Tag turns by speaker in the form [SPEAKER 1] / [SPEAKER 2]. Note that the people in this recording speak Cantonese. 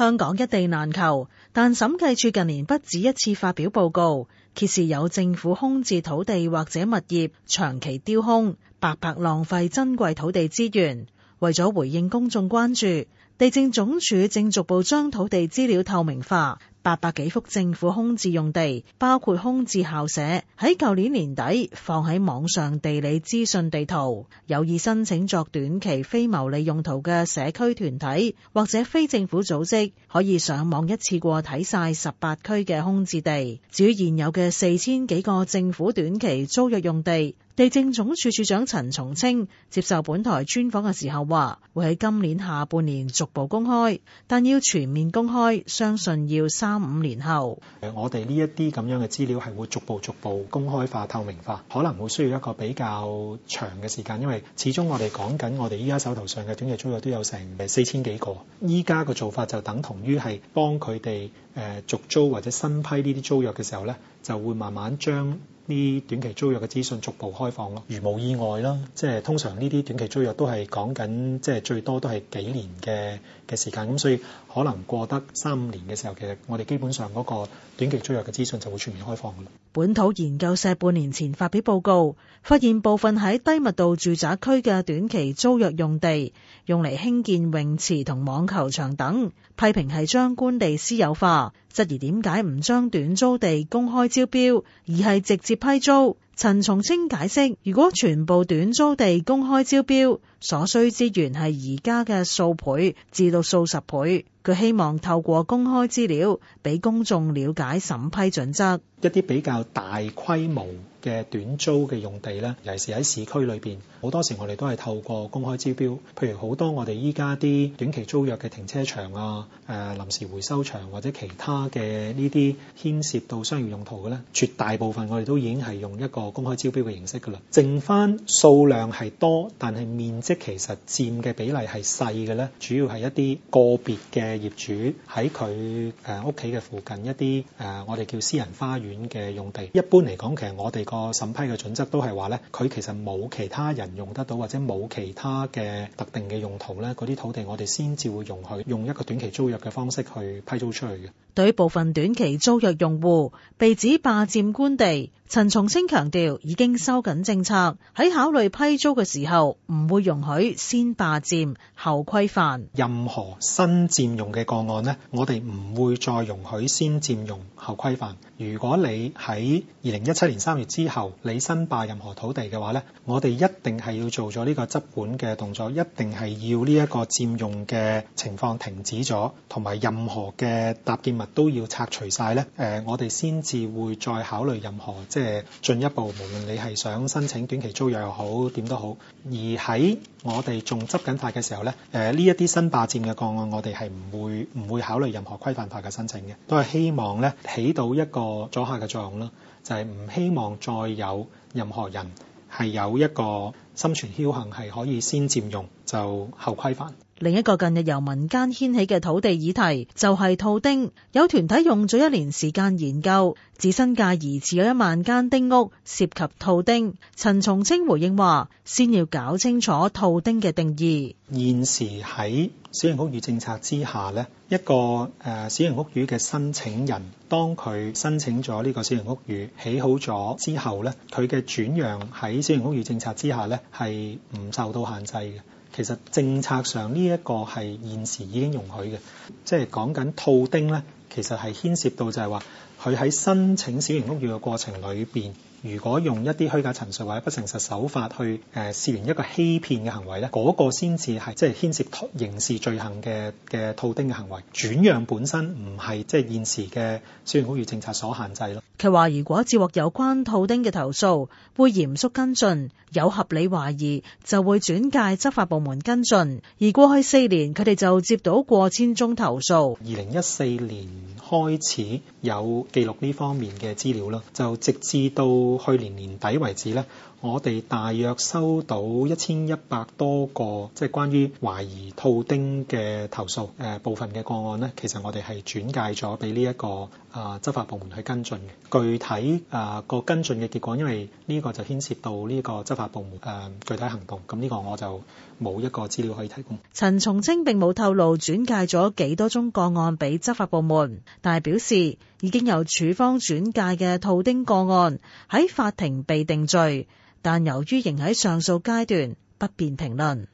[SPEAKER 1] 香港一地難求，但審計署近年不止一次發表報告，揭示有政府空置土地或者物業長期丟空，白白浪費珍貴土地資源。為咗回應公眾關注，地政總署正逐步將土地資料透明化。八百幾幅政府空置用地，包括空置校舍，喺舊年年底放喺網上地理資訊地圖，有意申請作短期非牟利用途嘅社區團體或者非政府組織，可以上網一次過睇晒十八區嘅空置地。至於現有嘅四千幾個政府短期租約用地。地政總署署長陳松青接受本台專訪嘅時候話，會喺今年下半年逐步公開，但要全
[SPEAKER 2] 面公開，相信要三五年後。誒，我哋呢一啲咁樣嘅資料係會逐步逐步公開化、透明化，可能會需要一個比較長嘅時間，因為始終我哋講緊我哋依家手頭上嘅短期租約都有成四千幾個，依家嘅做法就等同於係幫佢哋誒續租或者新批呢啲租約嘅時候呢，就會慢慢將。啲短期租約嘅資訊逐步開放咯，如無意外啦，即係通常呢啲短期租約都係講緊，即係最多都係幾年嘅嘅時間，咁所以可能過得三五年嘅時候，其實我哋基本上嗰個短期租約嘅資訊就會全面開放噶啦。本
[SPEAKER 1] 土研究社半年前發表報告，發現部分喺低密度住宅區嘅短期租約用地，用嚟興建泳池同網球場等，批評係將官地私有化。質疑點解唔將短租地公開招標，而係直接批租？陳松青解釋，如果全部短租地公開招標，所需資源係而家嘅數倍至到數十倍。佢希望透過公開資料，俾公眾了解審批準則。一啲比較大
[SPEAKER 2] 規模嘅短租嘅用地咧，尤其是喺市區裏邊，好多時我哋都係透過公開招標，譬如好多我哋依家啲短期租約嘅停車場啊、誒、啊、臨時回收場或者其他嘅呢啲牽涉到商業用途嘅咧，絕大部分我哋都已經係用一個公開招標嘅形式噶啦。剩翻數量係多，但係面積其實佔嘅比例係細嘅咧。主要係一啲個別嘅業主喺佢誒屋企嘅附近一啲誒我哋叫私人花園嘅用地。一般嚟講其實我哋。個審批嘅準則都係話咧，佢其實冇其他人用得到，或者冇其他嘅特定嘅用途咧，嗰啲土地我哋先至會用去用一個短期租約嘅方式去批租出去嘅。
[SPEAKER 1] 對部分短期租約用戶，被指霸佔官地。陳松青強調，已經收緊政策，喺考慮批租嘅時候，唔
[SPEAKER 2] 會容許先霸佔後規範。任何新佔用嘅個案呢，我哋唔會再容許先佔用後規範。如果你喺二零一七年三月之後，你新霸任何土地嘅話呢，我哋一定係要做咗呢個執管嘅動作，一定係要呢一個佔用嘅情況停止咗，同埋任何嘅搭建物都要拆除晒呢。誒，我哋先至會再考慮任何即係進一步，無論你係想申請短期租約又好，點都好。而喺我哋仲執緊法嘅時候咧，誒呢一啲新霸佔嘅個案，我哋係唔會唔會考慮任何規範化嘅申請嘅，都係希望咧起到一個阻嚇嘅作用啦，就係、是、唔希望再有任何人係有一個。心存僥幸，係可以先佔用，就後規範。
[SPEAKER 1] 另一個近日由民間掀起嘅土地議題，就係、是、套丁，有團體用咗一年時間研究，新界疑似有一萬間丁屋涉及套丁。陳松青回應話，先要搞清楚
[SPEAKER 2] 套丁嘅定義。現時喺小型屋宇政策之下呢，一個誒小型屋宇嘅申請人，當佢申請咗呢個小型屋宇起好咗之後，呢佢嘅轉讓喺小型屋宇政策之下呢。係唔受到限制嘅，其實政策上呢一個係現時已經容許嘅，即係講緊套丁咧，其實係牽涉到就係話。佢喺申請小型屋宇嘅過程裏邊，如果用一啲虛假陳述或者不誠實手法去誒涉嫌一個欺騙嘅行為咧，嗰、那個先至係即係牽涉刑事罪行嘅嘅套丁嘅行為。轉讓本身唔係即係現時嘅小型屋宇政策所限制咯。
[SPEAKER 1] 佢話：如果接獲有關套丁嘅投訴，會嚴肅跟進，有合理懷疑就會轉介執法部門跟進。而過去四年，佢哋就接到過千宗投訴。
[SPEAKER 2] 二零一四年開始有記錄呢方面嘅資料啦，就直至到去年年底為止咧。我哋大約收到一千一百多個，即係關於懷疑套丁嘅投訴。誒，部分嘅個案呢，其實我哋係轉介咗俾呢一個啊執法部門去跟進嘅。具體啊個跟進嘅結果，因為呢個就牽涉到呢個執法部門、啊、具體行動，咁呢個我就冇一個資料可以提供。
[SPEAKER 1] 陳松青並冇透露轉介咗幾多宗個案俾執法部門，但係表示已經由處方轉介嘅套丁個案喺法庭被定罪。但由於仍喺上訴階段，不便評論。